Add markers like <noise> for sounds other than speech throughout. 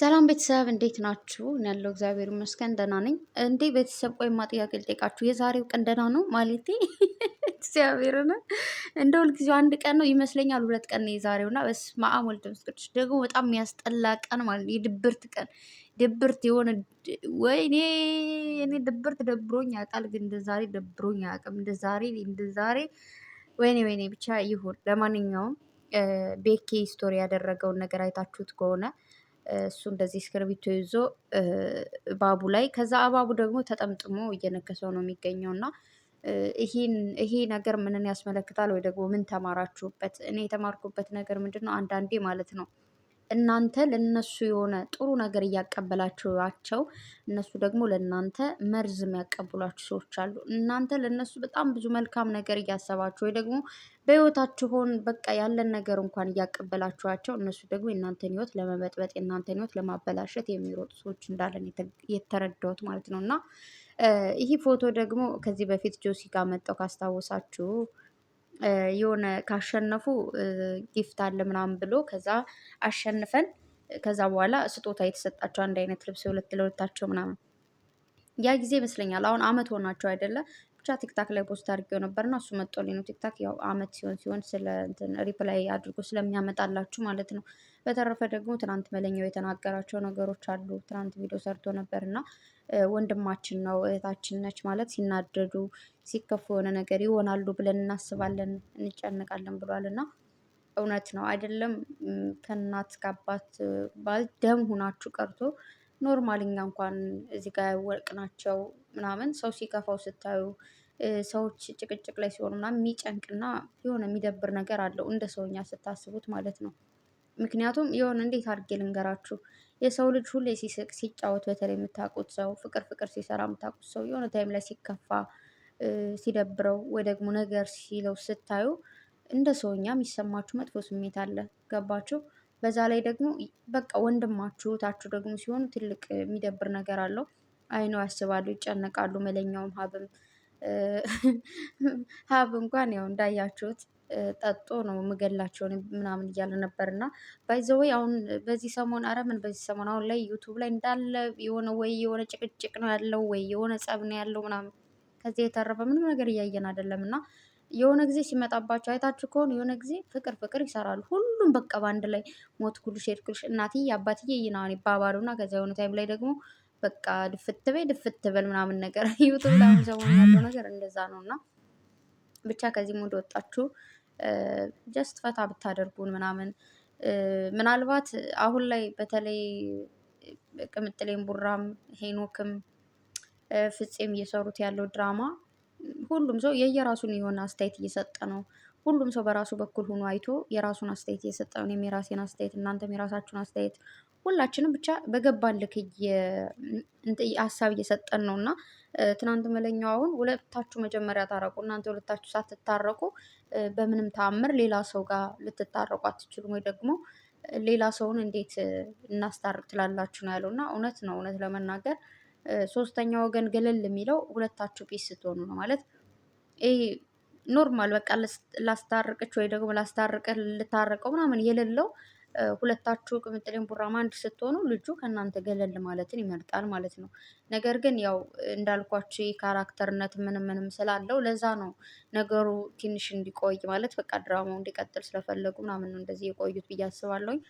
ሰላም ቤተሰብ እንዴት ናችሁ? ያለው እግዚአብሔር ይመስገን ደህና ነኝ። እንዴ ቤተሰብ ቆይማ ጥያቄ ልጠይቃችሁ። የዛሬው ቀን ደህና ነው ማለቴ <laughs> እግዚአብሔርን እንደ ሁልጊዜው አንድ ቀን ነው ይመስለኛል፣ ሁለት ቀን ነው የዛሬው እና በስመ አብ ወልድ መንፈስ ቅዱስ። ደግሞ በጣም የሚያስጠላ ቀን ማለት ነው፣ የድብርት ቀን። ድብርት የሆነ ወይኔ እኔ ድብርት ደብሮኝ ያውቃል፣ ግን እንደ ዛሬ ደብሮኝ አያውቅም። እንደ ዛሬ እንደ ዛሬ ወይኔ ወይኔ ብቻ ይሁን። ለማንኛውም ቤኬ ስቶሪ ያደረገውን ነገር አይታችሁት ከሆነ እሱ እንደዚህ እስክርቢቶ ይዞ እባቡ ላይ ከዛ እባቡ ደግሞ ተጠምጥሞ እየነከሰው ነው የሚገኘው እና ይሄ ነገር ምንን ያስመለክታል? ወይ ደግሞ ምን ተማራችሁበት? እኔ የተማርኩበት ነገር ምንድን ነው አንዳንዴ ማለት ነው እናንተ ለነሱ የሆነ ጥሩ ነገር እያቀበላችኋቸው እነሱ ደግሞ ለእናንተ መርዝ የሚያቀብሏችሁ ሰዎች አሉ። እናንተ ለእነሱ በጣም ብዙ መልካም ነገር እያሰባችሁ ወይ ደግሞ በህይወታችሁን በቃ ያለን ነገር እንኳን እያቀበላችኋቸው እነሱ ደግሞ የእናንተን ህይወት ለመበጥበጥ የእናንተን ህይወት ለማበላሸት የሚሮጡ ሰዎች እንዳለን የተረዳሁት ማለት ነው። እና ይህ ፎቶ ደግሞ ከዚህ በፊት ጆሲ ጋር መጣው ካስታወሳችሁ የሆነ ካሸነፉ ጊፍት አለ ምናምን ብሎ ከዛ አሸንፈን ከዛ በኋላ ስጦታ የተሰጣቸው አንድ አይነት ልብስ ሁለት ለሁለታቸው ምናምን ያ ጊዜ ይመስለኛል። አሁን አመት ሆናቸው አይደለ ብቻ ቲክታክ ላይ ፖስት አድርጌው ነበር እና እሱ መጦልኝ ነው። ቲክታክ ያው አመት ሲሆን ሲሆን ስለ እንትን ሪፕላይ አድርጎ ስለሚያመጣላችሁ ማለት ነው። በተረፈ ደግሞ ትናንት መለኛው የተናገራቸው ነገሮች አሉ። ትናንት ቪዲዮ ሰርቶ ነበር እና ወንድማችን ነው እህታችን ነች ማለት ሲናደዱ ሲከፉ የሆነ ነገር ይሆናሉ ብለን እናስባለን እንጨንቃለን ብሏል እና እውነት ነው አይደለም። ከእናት ከአባት ባል ደም ሁናችሁ ቀርቶ ኖርማልኛ እንኳን እዚህ ጋር ያወቅናቸው ምናምን ሰው ሲከፋው ስታዩ ሰዎች ጭቅጭቅ ላይ ሲሆኑ ምናምን የሚጨንቅና የሆነ የሚደብር ነገር አለው እንደ ሰውኛ ስታስቡት ማለት ነው። ምክንያቱም የሆነ እንዴት አድርጌ ልንገራችሁ የሰው ልጅ ሁሌ ሲስቅ ሲጫወት በተለይ የምታውቁት ሰው ፍቅር ፍቅር ሲሰራ የምታውቁት ሰው የሆነ ታይም ላይ ሲከፋ ሲደብረው ወይ ደግሞ ነገር ሲለው ስታዩ እንደ ሰውኛ የሚሰማችሁ መጥፎ ስሜት አለ ገባችሁ? በዛ ላይ ደግሞ በቃ ወንድማችሁ እህታችሁ ደግሞ ሲሆኑ ትልቅ የሚደብር ነገር አለው አይኖ ያስባሉ፣ ይጨነቃሉ። መለኛውም ሀብም <laughs> ሀብ እንኳን ያው እንዳያችሁት ጠጦ ነው ምገላቸውን ምናምን እያለ ነበር። እና ባይዘወይ አሁን በዚህ ሰሞን አረ ምን በዚህ ሰሞን አሁን ላይ ዩቱብ ላይ እንዳለ የሆነ ወይ የሆነ ጭቅጭቅ ነው ያለው ወይ የሆነ ጸብ ነው ያለው ምናምን ከዚህ የተረፈ ምንም ነገር እያየን አይደለም። እና የሆነ ጊዜ ሲመጣባቸው አይታችሁ ከሆነ የሆነ ጊዜ ፍቅር ፍቅር ይሰራሉ። ሁሉም በቃ በአንድ ላይ ሞት ኩልሽ ሄድኩልሽ እናትዬ አባትዬ ይናን እና ከዚያ የሆነ ታይም ላይ ደግሞ በቃ ድፍት በይ ድፍት በል ምናምን ነገር <laughs> ዩቱብ ላይ ያለው <laughs> ነገር እንደዛ ነው። እና ብቻ ከዚህ ሙድ ወጣችሁ ጀስት ፈታ ብታደርጉን ምናምን ምናልባት አሁን ላይ በተለይ ቅምጥሌም ቡራም ሄኖክም ፍፄም እየሰሩት ያለው ድራማ ሁሉም ሰው የየራሱን የሆነ አስተያየት እየሰጠ ነው። ሁሉም ሰው በራሱ በኩል ሆኖ አይቶ የራሱን አስተያየት እየሰጠ ነው። የራሴን አስተያየት እናንተም የራሳችሁን አስተያየት ሁላችንም ብቻ በገባን ልክ ሀሳብ እየሰጠን ነው እና ትናንት መለኛውን ሁለታችሁ መጀመሪያ ታረቁ። እናንተ ሁለታችሁ ሳትታረቁ በምንም ተአምር ሌላ ሰው ጋር ልትታረቁ አትችሉም፣ ወይ ደግሞ ሌላ ሰውን እንዴት እናስታርቅ ትላላችሁ ነው ያለው እና እውነት ነው። እውነት ለመናገር ሶስተኛ ወገን ገለል የሚለው ሁለታችሁ ፒስ ስትሆኑ ነው ማለት ይሄ ኖርማል በቃ ላስታርቅች ወይ ደግሞ ላስታርቅ ልታረቀው ምናምን የሌለው ሁለታችሁ ቅምጥሌን ቡራማ አንድ ስትሆኑ ልጁ ከእናንተ ገለል ማለትን ይመርጣል ማለት ነው። ነገር ግን ያው እንዳልኳችሁ የካራክተርነት ምንም ምንም ስላለው ለዛ ነው ነገሩ ትንሽ እንዲቆይ ማለት በቃ ድራማው እንዲቀጥል ስለፈለጉ ምናምን ነው እንደዚህ የቆዩት ብዬ አስባለሁኝ።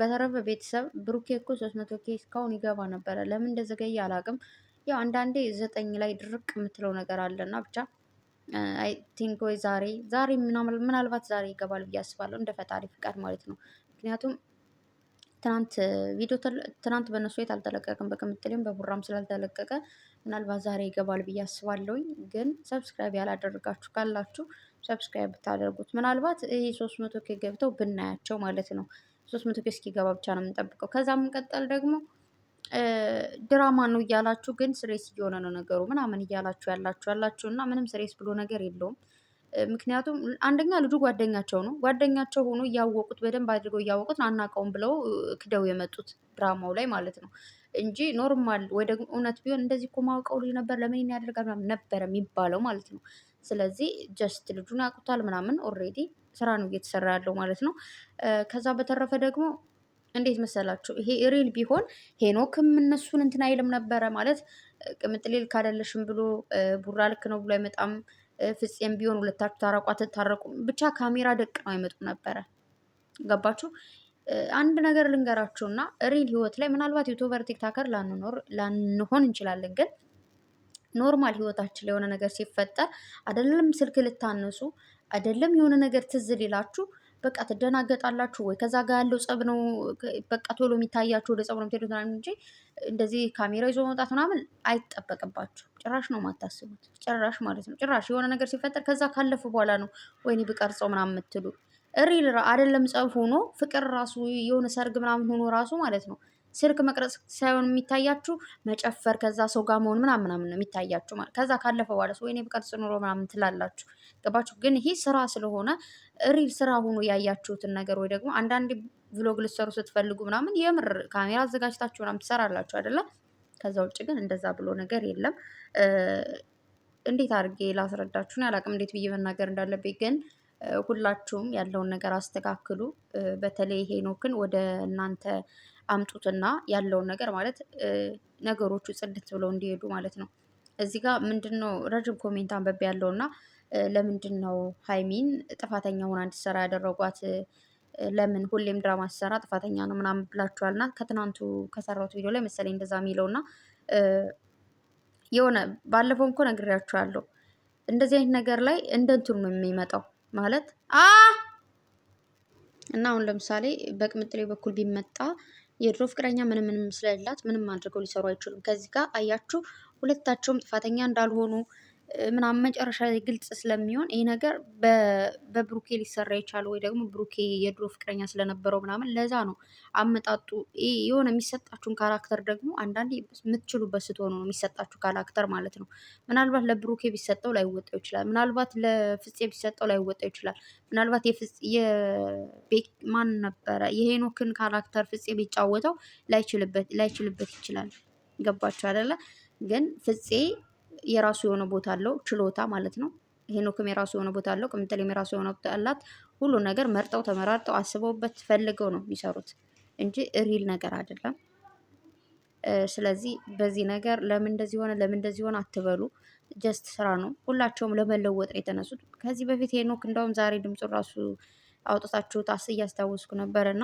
በተረፈ ቤተሰብ ብሩኬ እኮ ሶስት መቶ ኬ እስካሁን ይገባ ነበረ። ለምን እንደዘገየ አላቅም። ያው አንዳንዴ ዘጠኝ ላይ ድርቅ የምትለው ነገር አለና ብቻ አይ ቲንክ ወይ ዛሬ ዛሬ ምናልባት ዛሬ ይገባል ብዬ አስባለሁ እንደ ፈጣሪ ፍቃድ ማለት ነው። ምክንያቱም ትናንት ቪዲዮ ትናንት በእነሱ ቤት አልተለቀቀም፣ በቅምጥሌም በቡራም ስላልተለቀቀ ምናልባት ዛሬ ይገባል ብዬ አስባለሁኝ። ግን ሰብስክራይብ ያላደረጋችሁ ካላችሁ ሰብስክራይብ ብታደርጉት ምናልባት ይህ ሶስት መቶ ኬ ገብተው ብናያቸው ማለት ነው። ሶስት መቶ ኬ እስኪገባ ብቻ ነው የምንጠብቀው። ከዛ የምንቀጠል ደግሞ ድራማ ነው እያላችሁ ግን ስሬስ እየሆነ ነው ነገሩ ምናምን እያላችሁ ያላችሁ ያላችሁ እና ምንም ስሬስ ብሎ ነገር የለውም። ምክንያቱም አንደኛ ልጁ ጓደኛቸው ነው ጓደኛቸው ሆኖ እያወቁት በደንብ አድርገው እያወቁት አናውቀውም ብለው ክደው የመጡት ድራማው ላይ ማለት ነው እንጂ ኖርማል ወይ ደግሞ እውነት ቢሆን እንደዚህ እኮ ማውቀው ልጅ ነበር ለምን ያደርጋል ምናምን ነበረ የሚባለው ማለት ነው። ስለዚህ ጀስት ልጁን ያውቁታል ምናምን ኦልሬዲ ስራ ነው እየተሰራ ያለው ማለት ነው። ከዛ በተረፈ ደግሞ እንዴት መሰላችሁ ይሄ ሪል ቢሆን ሄኖክም እነሱን እንትን አይልም ነበረ ማለት ቅምጥሌ ልክ አይደለሽም ብሎ ቡራ ልክ ነው ብሎ አይመጣም። ፍፄም ቢሆን ሁለታችሁ ታረቁ አትታረቁም፣ ብቻ ካሜራ ደቅ ነው አይመጡ ነበረ። ገባችሁ? አንድ ነገር ልንገራችሁና ሪል ህይወት ላይ ምናልባት ዩቱበር ቲክታከር ላንኖር ላንሆን እንችላለን፣ ግን ኖርማል ህይወታችን ላይ የሆነ ነገር ሲፈጠር አይደለም ስልክ ልታነሱ አይደለም የሆነ ነገር ትዝ ሊላችሁ በቃ ትደናገጣላችሁ። ወይ ከዛ ጋር ያለው ጸብ ነው በቃ ቶሎ የሚታያችሁ ወደ ጸብ ነው የምትሄዱት እንጂ እንደዚህ ካሜራ ይዞ መውጣት ምናምን አይጠበቅባችሁ። ጭራሽ ነው የማታስቡት። ጭራሽ ማለት ነው ጭራሽ የሆነ ነገር ሲፈጠር ከዛ ካለፉ በኋላ ነው ወይኔ ብቀርጸው ምናምን የምትሉ ሪል አይደለም። ጸብ ሆኖ ፍቅር ራሱ የሆነ ሰርግ ምናምን ሆኖ ራሱ ማለት ነው ስልክ መቅረጽ ሳይሆን የሚታያችሁ መጨፈር፣ ከዛ ሰው ጋር መሆን ምናምን ምናምን ነው የሚታያችሁ። ማለት ከዛ ካለፈ በኋላ ሰው ወይኔ ብቀርጽ ኑሮ ምናምን ትላላችሁ። ገባችሁ? ግን ይሄ ስራ ስለሆነ ሪል ስራ ሆኖ ያያችሁትን ነገር ወይ ደግሞ አንዳንድ ቪሎግ ልትሰሩ ስትፈልጉ ምናምን የምር ካሜራ አዘጋጅታችሁ ምናምን ትሰራላችሁ አይደለም ከዛ ውጭ ግን እንደዛ ብሎ ነገር የለም። እንዴት አድርጌ ላስረዳችሁን ያላቅም እንዴት ብዬ መናገር እንዳለብኝ ግን ሁላችሁም ያለውን ነገር አስተካክሉ። በተለይ ሄኖክን ወደ እናንተ አምጡትና ያለውን ነገር ማለት ነገሮቹ ጽድት ብለው እንዲሄዱ ማለት ነው። እዚህ ጋር ምንድን ነው ረጅም ኮሜንት አንበቤ ያለውና ለምንድን ነው ሀይሚን ጥፋተኛ ሆና እንድትሰራ ያደረጓት ለምን ሁሌም ድራማ ሲሰራ ጥፋተኛ ነው ምናምን ብላችኋል። እና ከትናንቱ ከሰራሁት ቪዲዮ ላይ መሰለኝ እንደዛ የሚለው እና የሆነ ባለፈው እንኮ ነግሬያችኋለሁ። እንደዚህ አይነት ነገር ላይ እንደ እንትኑ ነው የሚመጣው ማለት አ እና አሁን ለምሳሌ በቅምጥሌ በኩል ቢመጣ የድሮ ፍቅረኛ ምንም ምንም ስለሌላት ምንም አድርገው ሊሰሩ አይችሉም። ከዚህ ጋር አያችሁ ሁለታቸውም ጥፋተኛ እንዳልሆኑ ምናምን መጨረሻ ላይ ግልጽ ስለሚሆን ይህ ነገር በብሩኬ ሊሰራ የቻለው ወይ ደግሞ ብሩኬ የድሮ ፍቅረኛ ስለነበረው ምናምን ለዛ ነው አመጣጡ። የሆነ የሚሰጣችሁን ካራክተር ደግሞ አንዳንዴ የምትችሉበት ስትሆኑ ነው የሚሰጣችሁ ካራክተር ማለት ነው። ምናልባት ለብሩኬ ቢሰጠው ላይወጣው ይችላል። ምናልባት ለፍፄ ቢሰጠው ላይወጣው ይችላል። ምናልባት ማን ነበረ የሄኖክን ካራክተር ፍፄ ቢጫወተው ላይችልበት ይችላል። ገባችሁ አይደለ? ግን ፍፄ የራሱ የሆነ ቦታ አለው ችሎታ ማለት ነው። ሄኖክም የራሱ የሆነ ቦታ አለው፣ ቅምጥሌም የራሱ የሆነ ቦታ አላት። ሁሉ ነገር መርጠው ተመራርጠው አስበውበት ፈልገው ነው የሚሰሩት እንጂ ሪል ነገር አይደለም። ስለዚህ በዚህ ነገር ለምን እንደዚህ ሆነ ለምን እንደዚህ ሆነ አትበሉ። ጀስት ስራ ነው። ሁላቸውም ለመለወጥ ነው የተነሱት። ከዚህ በፊት ሄኖክ እንደውም ዛሬ ድምፁ ራሱ አውጥታችሁ አስ እያስታወስኩ ነበር እና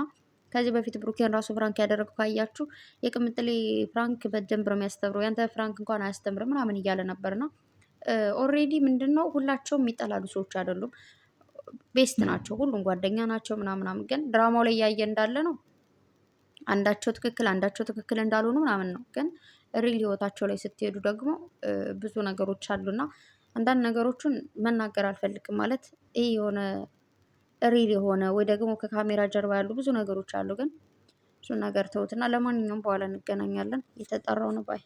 ከዚህ በፊት ብሩኬን ራሱ ፍራንክ ያደረግ ካያችሁ የቅምጥሌ ፍራንክ በደንብ ነው የሚያስተምረው፣ ያንተ ፍራንክ እንኳን አያስተምርም ምናምን እያለ ነበር ነበርና ኦልሬዲ ምንድን ነው ሁላቸውም የሚጠላሉ ሰዎች አይደሉም። ቤስት ናቸው፣ ሁሉም ጓደኛ ናቸው ምናምናም። ግን ድራማው ላይ እያየ እንዳለ ነው አንዳቸው ትክክል አንዳቸው ትክክል እንዳልሆኑ ምናምን ነው። ግን ሪል ህይወታቸው ላይ ስትሄዱ ደግሞ ብዙ ነገሮች አሉና አንዳንድ ነገሮችን መናገር አልፈልግም ማለት ይህ የሆነ ሪል የሆነ ወይ ደግሞ ከካሜራ ጀርባ ያሉ ብዙ ነገሮች አሉ። ግን እሱን ነገር ተውትና፣ ለማንኛውም በኋላ እንገናኛለን። የተጠራው ነው ባይ